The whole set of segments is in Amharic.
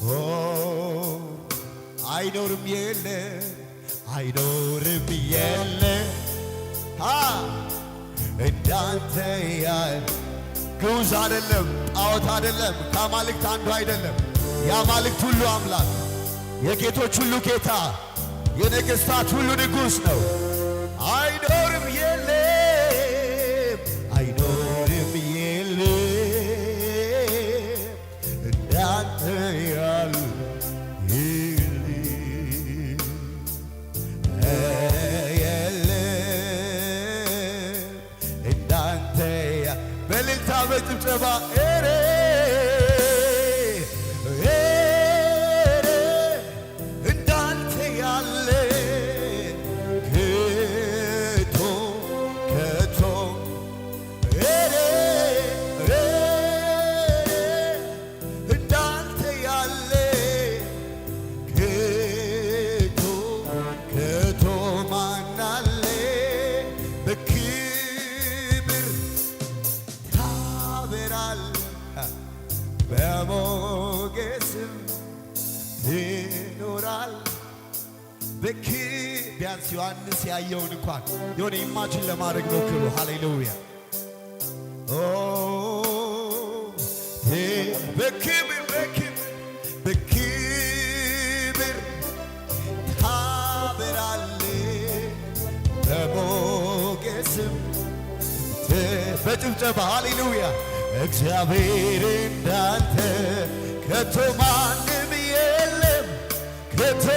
Oh, አይኖርም የለ አይኖርም የለ እንዳንተ ያለ ግዑዝ አይደለም፣ ጣዖት አይደለም፣ ከአማልክት አንዱ አይደለም። የአማልክት ሁሉ አምላክ የጌቶች ሁሉ ጌታ የነገሥታት ሁሉ ንጉሥ ነው። አይኖርም የለ Trevor. Hey. Eh? የሆነ ኢማጂን ለማድረግ ሞክሩ። ሃሌሉያ በክብር በክብር በክብር ታበራለ በሞገስም በጭብጨባ ሃሌሉያ እግዚአብሔር እንዳንተ ከቶ ማንም የለም ከቶ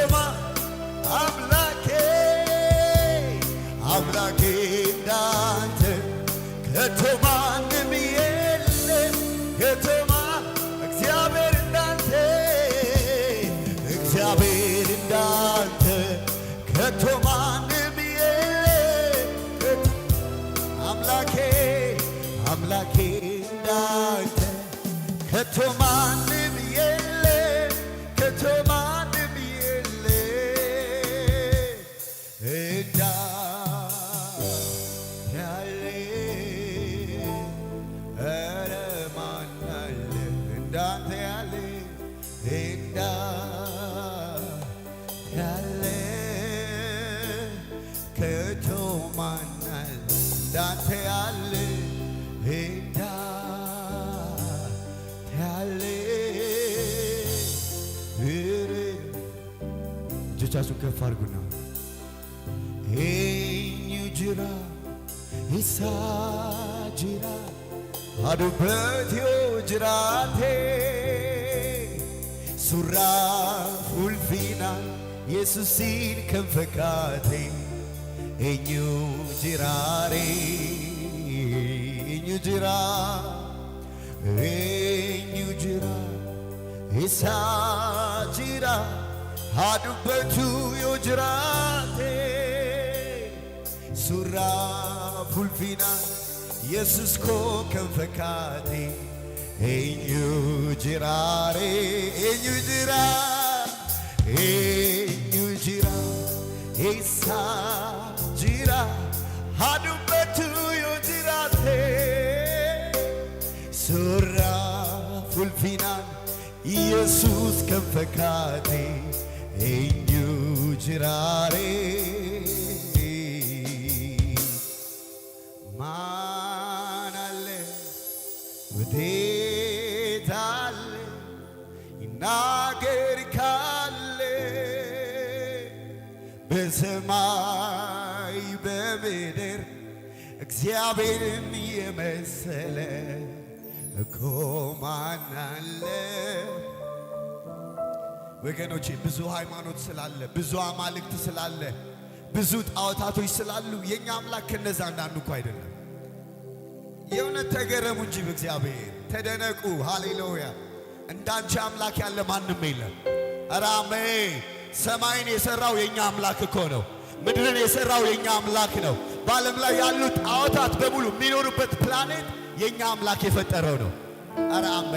နေပြီလေကချမ አድርጉና ኤኙ ጅራ ኢሳ ጅራ አዱበት ዮ ጅራቴ ሱራ ፉልፊና የሱሲን ከንፈካቴ ኤኙ ጅራሬ ኤኙ ጅራ ኤኙ ጅራ ኢሳ ጅራ አዱበቱ የጅራቴ ሱራ ፉልፊና የሱስኮ ከንፈካቴ ኤኙ ጅራሬ ኤኙ ጅራ ኤኙ ጅራ ኤሳ ጅራ አዱበቱ የጅራቴ ሱራ ፉልፊና ኢየሱስ ከንፈካቴ eenyu jiraaree maanalle wdeetalle ይናገር ካለ በሰማይ በምድር እግዚአብሔርን የመሰለ እኮ አለ ወገኖቼ ብዙ ሃይማኖት ስላለ፣ ብዙ አማልክት ስላለ፣ ብዙ ጣዖታቶች ስላሉ የኛ አምላክ ከነዛ አንዳንዱ እኮ አይደለም። የእውነት ተገረሙ እንጂ በእግዚአብሔር ተደነቁ። ሃሌሉያ! እንዳንቺ አምላክ ያለ ማንም የለም። ራሜ ሰማይን የሰራው የኛ አምላክ እኮ ነው። ምድርን የሰራው የኛ አምላክ ነው። በዓለም ላይ ያሉት ጣዖታት በሙሉ የሚኖሩበት ፕላኔት የኛ አምላክ የፈጠረው ነው። ራሜ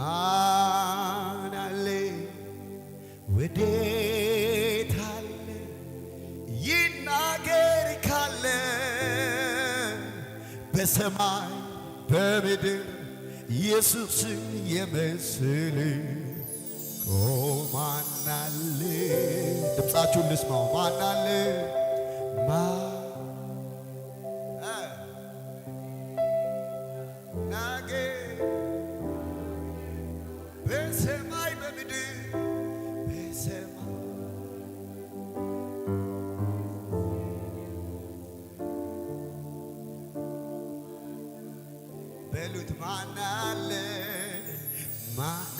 ማን አለ ወዴት አለ ይናገር ካለ በሰማይ በምድር ኢየሱስን የመስል ማናለ ድምፃችሁን ልስማው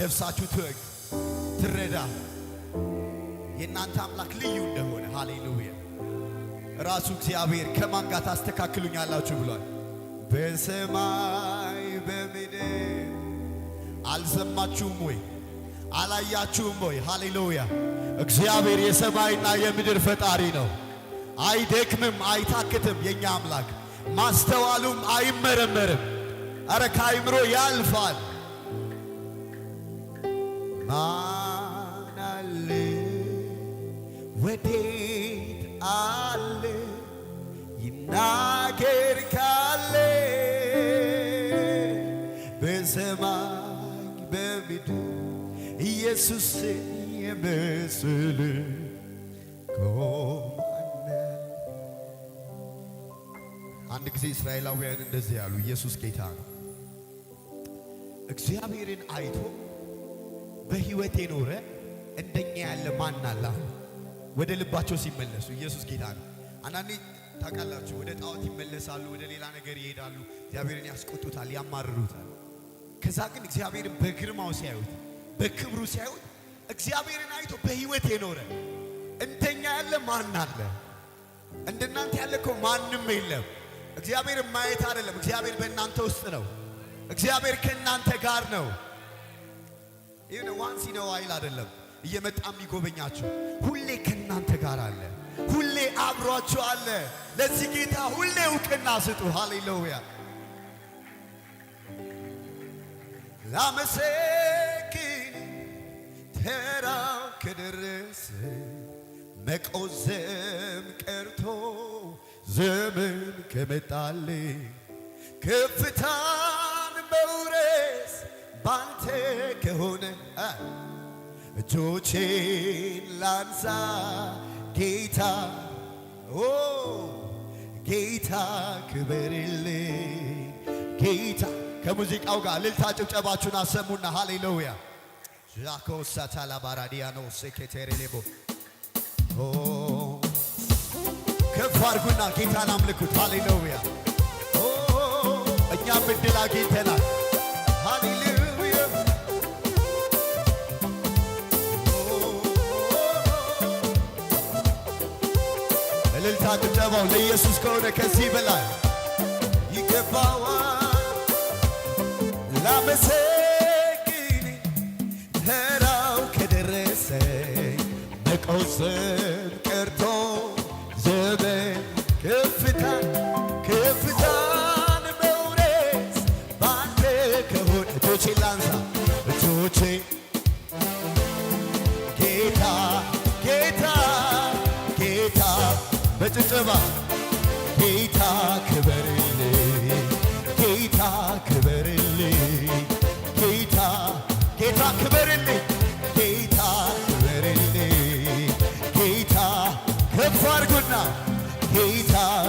ለብሳችሁ ትወግ ትረዳ የእናንተ አምላክ ልዩ እንደሆነ ሃሌሉያ ራሱ እግዚአብሔር ከማን ጋር ታስተካክሉኛላችሁ ብሏል። በሰማይ በምድር አልሰማችሁም ወይ? አላያችሁም ወይ? ሃሌሉያ እግዚአብሔር የሰማይና የምድር ፈጣሪ ነው። አይደክምም፣ አይታክትም። የእኛ አምላክ ማስተዋሉም አይመረመርም። አረ ከአይምሮ ያልፋል። ማን አለ ወዴት አለ ይናገር ካለ በሰማይ በምድር ኢየሱስን የመሰለ አንድ ጊዜ እስራኤላውያን እንደዚህ ያሉ ኢየሱስ ጌታ ነው። እግዚአብሔርን አይቶ በህይወት የኖረ እንደኛ ያለ ማን አለ? ወደ ልባቸው ሲመለሱ ኢየሱስ ጌታ ነው። አንዳንዴ ታውቃላችሁ፣ ወደ ጣዖት ይመለሳሉ፣ ወደ ሌላ ነገር ይሄዳሉ፣ እግዚአብሔርን ያስቆጡታል፣ ያማርሩታል። ከዛ ግን እግዚአብሔርን በግርማው ሲያዩት፣ በክብሩ ሲያዩት እግዚአብሔርን አይቶ በህይወት የኖረ እንደኛ ያለ ማን አለ? እንደናንተ ያለ እኮ ማንም የለም። እግዚአብሔር ማየት አይደለም፣ እግዚአብሔር በእናንተ ውስጥ ነው። እግዚአብሔር ከእናንተ ጋር ነው። ይሄ ዋንስ ነው አይል አይደለም። እየመጣ የሚጎበኛችሁ ሁሌ ከእናንተ ጋር አለ፣ ሁሌ አብሯችሁ አለ። ለዚህ ጌታ ሁሌ እውቅና ስጡ። ሃሌሉያ ላመሰግን ተራው ከደረሰ መቆዘም ቀርቶ ዘመን ከመጣሌ ከፍታን መውረ ባንተ ከሆነ እጆቼን ላንሳ ጌታ ኦ ጌታ ክበርልኝ ጌታ። ከሙዚቃው ጋር ልልታ ጭብጨባችሁን አሰሙና ሃሌሉያ ዣኮሳታላባራዲያኖ ሴኬቴሬሌቦ ከፍ አድርጉና ጌታን አምልኩት። ሃሌሉያ እኛም እድል አግኝተናል። ጭብጨባው ለኢየሱስ ከሆነ ከዚህ በላይ ይገባዋል ላመሰግን ተራው ከደረሰ በቀውስ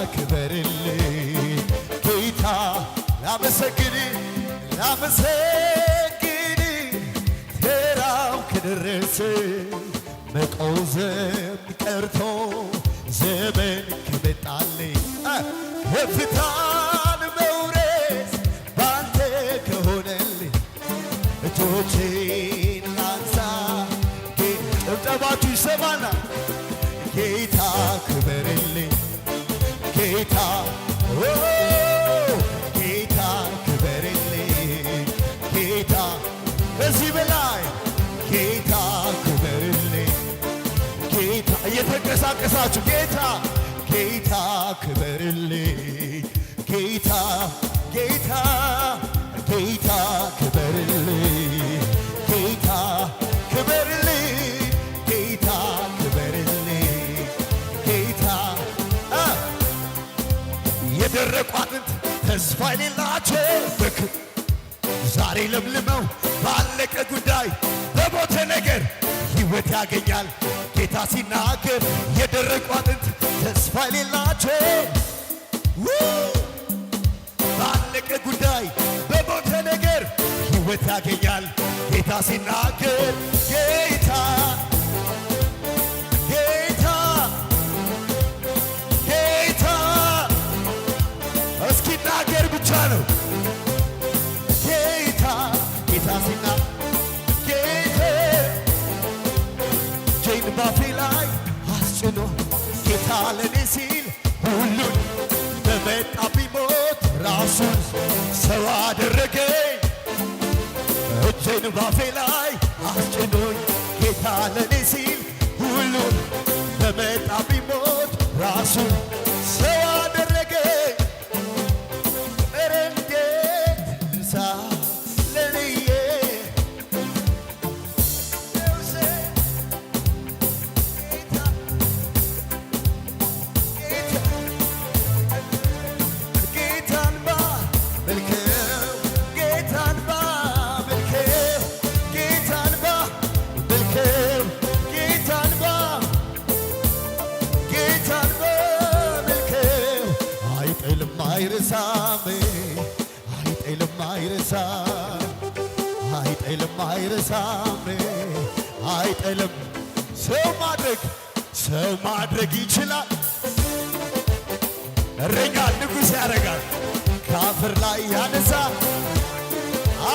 ላክበርልኝ ጌታ ላመሰግን ላመሰግን ተራው ክደረስ መቆዘም ቀርቶ ዘመን ከመጣልኝ ከፍታን መውረስ ባንተ ከሆነልኝ እጆቼን ላንሳ ጭብጨባችሁ ይሰማና ጌታ ክበርልኝ ጌታ ጌታ ክበርልኝ ጌታ ከዚህ በላይ ጌታ ክበርልኝ ጌታ እየተንቀሳቀሳችሁ ጌታ ጌታ ክበርልኝ ተስፋ የሌላቸው ዛሬ ለምልመው ባለቀ ጉዳይ በሞተ ነገር ሕይወት ያገኛል ጌታ ሲናገር የደረቁ አጥንት ተስፋ የሌላቸው ባለቀ ጉዳይ በሞተ ነገር ሕይወት ያገኛል ጌታ ሲናገር ጌታ ነው ጌታ ጌታ ሲና ጌቴ ጄን ባፌ ላይ አስጭኖ ጌታ ለኔ ሲል ሁሉን በመጣብኝ ሞት ራሱን ሰው አደረገኝ። እጄን ላይ አስጭኖኝ ጌታ ለኔ ሲል ሁሉን በመጣብኝ ሞት ራሱን አይረሳም አይጥልም አይረሳም አይጥልም። ሰው ማድረግ ሰው ማድረግ ይችላል። እረኛ ንጉሥ ያደርጋል ከአፈር ላይ ያነሳ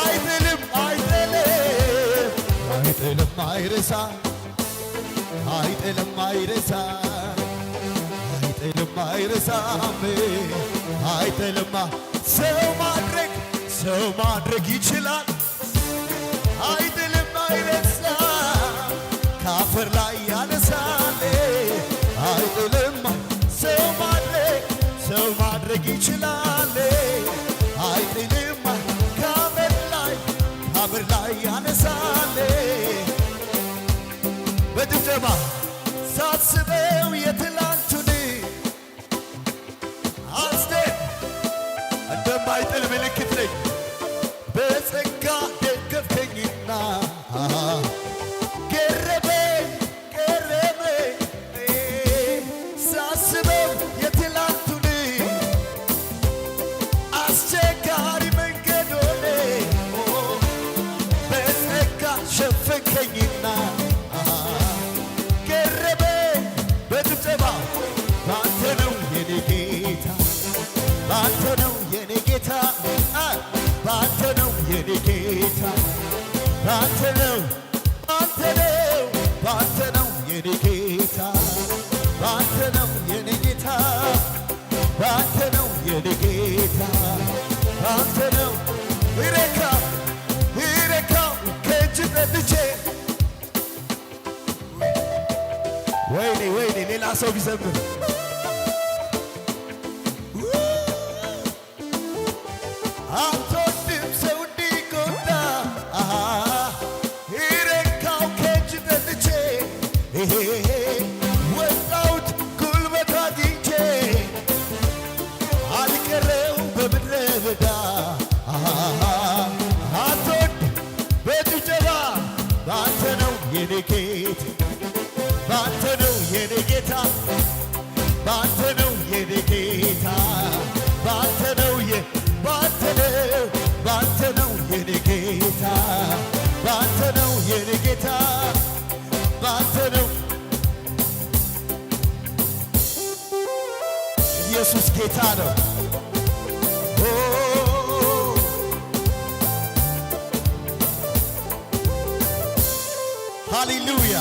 አይጥልም አይጥልም አይጥልም አይረሳም አይጥልም አይረሳም አይጥልም አይረሳም አይጥልም ሰው ማድረግ ሰው ማድረግ ይችላል አይጥልም፣ አይነሳ ከአፈር ላይ ያነሳል። አይጥልም ሰው ማድረግ ሰው ማድረግ ይችላል አይጥልም፣ ከአፈር ላይ ከአፈር ላይ ያነሳል በድብደባ coração visando. ኢየሱስ ጌታ ነው። ሃሌሉያ!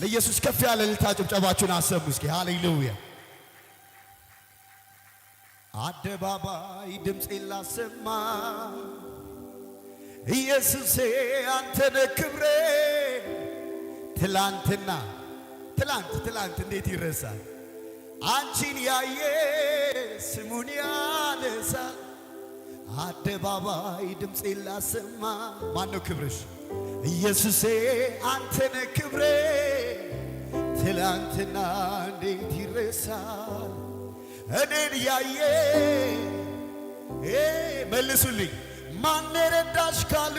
ለኢየሱስ ከፍ ያለ ልታ ጭብጨባችሁን አሰሙ እስኪ። ሃሌሉያ! አደባባይ ድምፄን ላሰማ ኢየሱሴ አንተነ ክብሬ ትላንትና ትላንት ትላንት እንዴት ይረሳል? አንቺን ያየ ስሙን ያነሳ አደባባይ ድምፅ ላሰማ ማነው ክብርሽ ኢየሱሴ አንተነ ክብሬ ትላንትና እንዴት ይረሳል እኔን ያየ መልሱልኝ ማን ረዳሽ ካሉ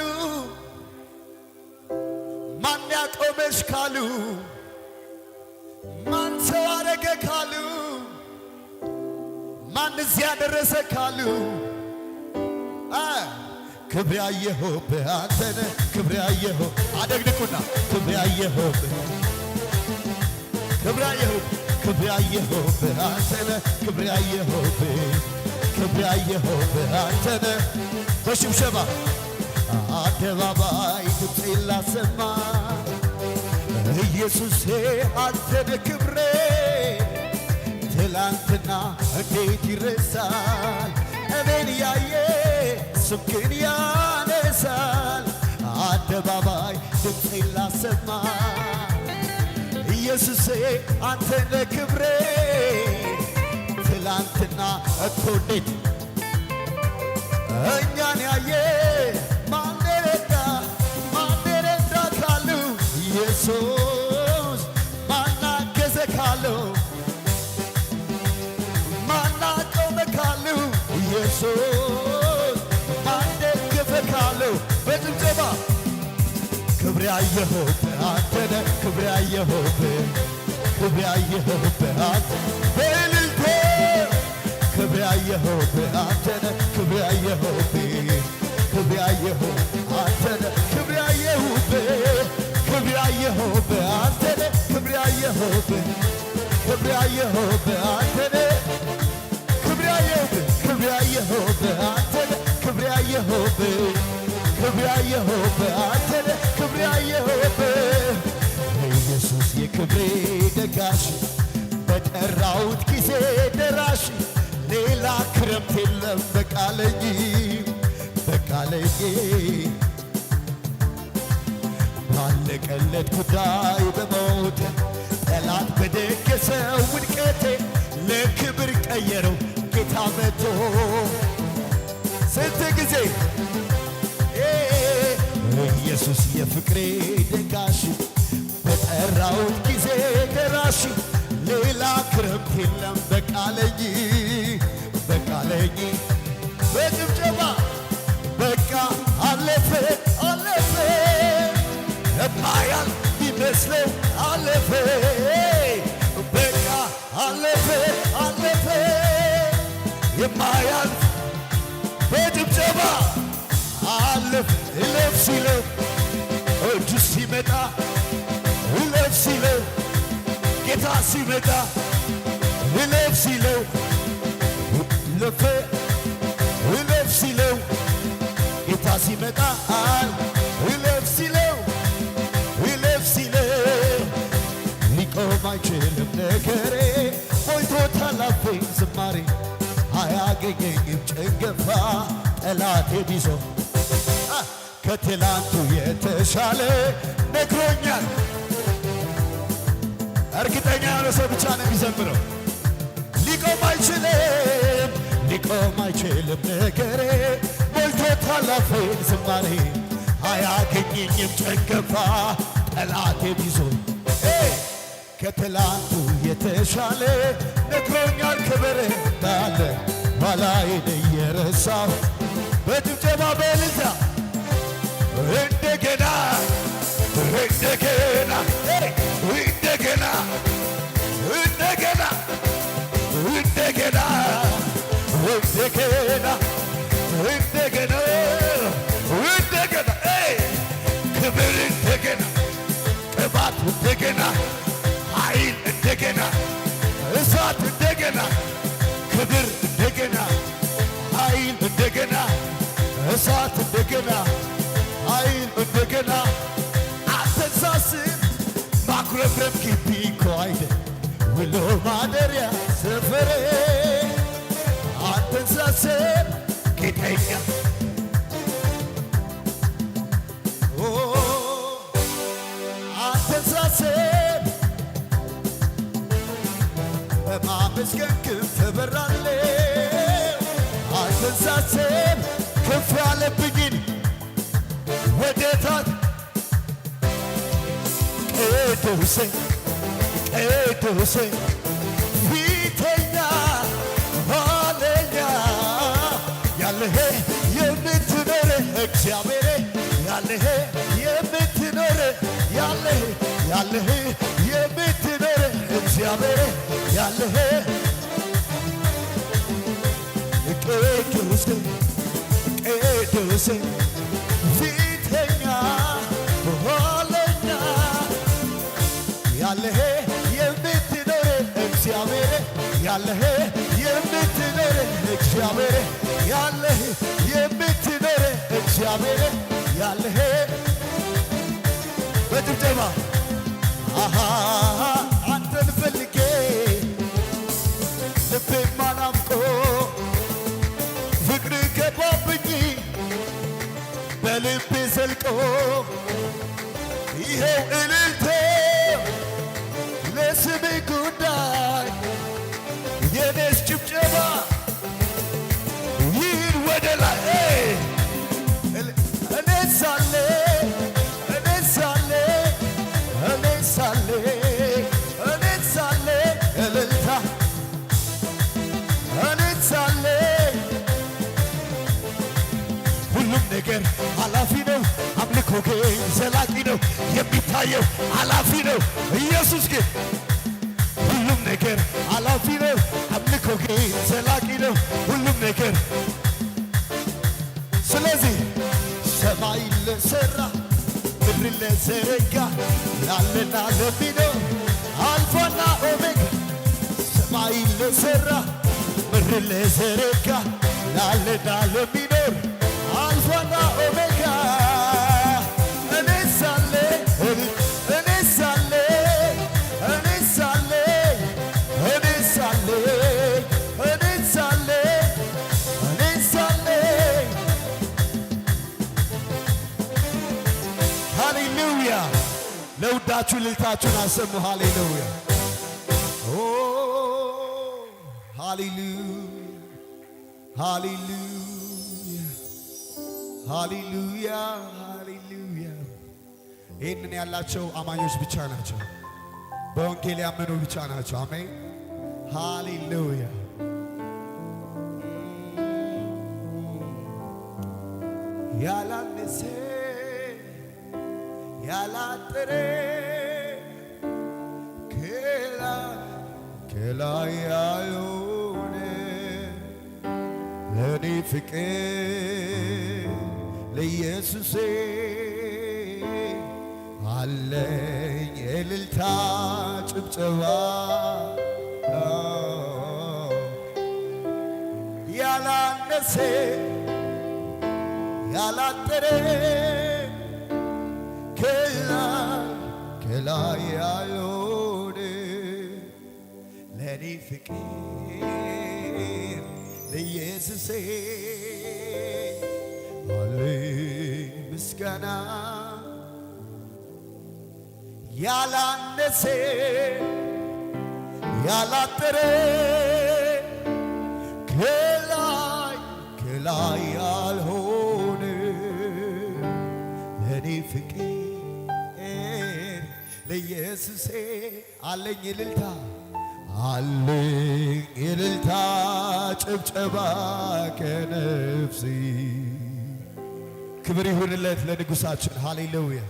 ማን ያቆመሽ ካሉ ሰው ካሉ ማን እዚያ ካሉ ክብር ያየሁብህ አንተነ ክብር ያየሁብህ አደግድቁና ክብር ክብር ክብር ክብር ክብር በሽብሸባ አደባባይ ላሰማ አንተነ ክብሬ ትናንትና እንዴት ይረሳል? እኔን ያየ ስምክን ያነሳል። አደባባይ ድምፄን ላሰማ ኢየሱሴ አንተነ ክብሬ ትላንትና እኮ እንዴት እኛን ያየ ማነረዳ ማነረዳ ካሉ ኢየሱስ ክብር ያየሁት አንተነ ክብር ያየሁት ክብር ያየሁት አንተ በእልልቴ ክብር ያየሁት አንተነ ክብር ያየሁት ክብር ያየሁት አንተነ ክብር ያየሁት ክብር ያየሁት አንተነ ክብር ያየሁት ክብር ያየሁት አንተነ ክብር ያየሁት ክብር ያየሁት አንተነ ክብር ያየሁት ክብር ያየሁት አንተነ ክብሬ አየሁት ኢየሱስ የክብሬ ደጋሽ በጠራሁት ጊዜ ደራሽ ሌላ ክረምት የለም በቃለኝ በቃለኝ ባለቀለት ጉዳይ በሞት ጠላት በደገሰው ውድቀቴ ለክብር ቀየረው ጌታ መቶ ስንት ጊዜ ኢየሱስ የፍቅሬ ደጋሽ በጠራው ጊዜ ደራሽ ሌላ ክረምት የለም በቃለኝ በቃለኝ በጭብጨባ በቃ አለፈ አለፈ እማያል ይመስለው አለፈ በቃ አለፈ አለፈ የማያል በጭብጨባ ሲታለፍ እለፍ ሲለው እጁ ሲመጣ እለፍ ሲለው ጌታ ሲመጣ እለፍ ሲለው ለፈ እለፍ ሲለው ጌታ ሲመጣ እለፍ ሲለው እለፍ ሲለው ሊቆም አይችልም ነገሬ ሞልቶታል አፌን ዝማሬ አያገኘኝም ጭንገፋ ጠላቴ ቢዞ ከትላንቱ የተሻለ ነግሮኛል። እርግጠኛ ያለ ሰው ብቻ ነው የሚዘምረው። ሊቆም አይችልም፣ ሊቆም አይችልም። ነገሬ ሞልቶታል አፌን ዝማሬ አያገኘኝም ጨገፋ ጠላቴ ቢዞ ከትላንቱ የተሻለ ነግሮኛል። ክብር እንዳለ ኋላዬን እየረሳሁ በጭብጨባ በልዛ እንደገና እንደገና እንደገና እንደገና እንደገና እንደገና እንደገና እንደገና ክብር እንደገና ጥባት እንደገና ኃይል እንደገና እሳት እንደገና ክብር እንደገና ኃይል እንደገና እሳት እንደገና ኃይል እንደገና አስተሳስብ ማኩረፍረፍ ግቢ እኮ ውሎ ማደሪያ ሰፈሬ አንተን ሳስብ ጌጠኛ በማመስገን ክንፍ ያለብኝን ቅዱስ ቅዱስ ፊተኛ ኋለኛ ያለህ የምትኖር እግዚአብሔር ያለህ የምትኖር ያለህ ያለህ የምትኖር እግዚአብሔር ያለህ ቅዱስ ቅዱስ ያለህ የምትኖር እግዚአብሔር ያለህ የምትኖር እግዚአብሔር ያለህ በድብደባ አሃ አንተን ፈልጌ ልቤማ ናፍቆ ፍቅር ገባብኝ በልቤ ዘልቆ ይኸው ኮከብ ዘላቂ ነው፣ የሚታየው አላፊ ነው። ኢየሱስ ግን ሁሉም ነገር አላፊ ነው። አምልኮ ግን ዘላቂ ነው፣ ሁሉም ነገር ስለዚህ ሰማይ ለሠራ ምድር ለዘረጋ ላለና ለሚኖር አልፋና ኦሜጋ ሰማይ ለሠራ ምድር ለዘረጋ ላለና ለሚኖር ብላችሁ ልልታችሁን አሰሙ። ሃሌሉያ ሃሌሉያ ሃሌሉያ። ይህንን ያላቸው አማኞች ብቻ ናቸው፣ በወንጌል ያመኑ ብቻ ናቸው። አሜን ሃሌሉያ ያላነሰ ያላጠረ ከላይ ያልሆነ ለእኔ ፍቅር ለኢየሱሴ አለኝ እልልታ ጭብጨባ ያላነሰ ያላጠረ ፍቅር ለኢየሱሴ አለኝ ምስጋና ያላነሴ ያላጠረ ከላይ ከላይ ያልሆነ ለእኔ ፍቅር ለኢየሱሴ አለኝ እልልታ አለኝ የልልታ ጭብጨባ ከነፍሴ ክብር ይሁንለት ለንጉሳችን። ሃሌሉያ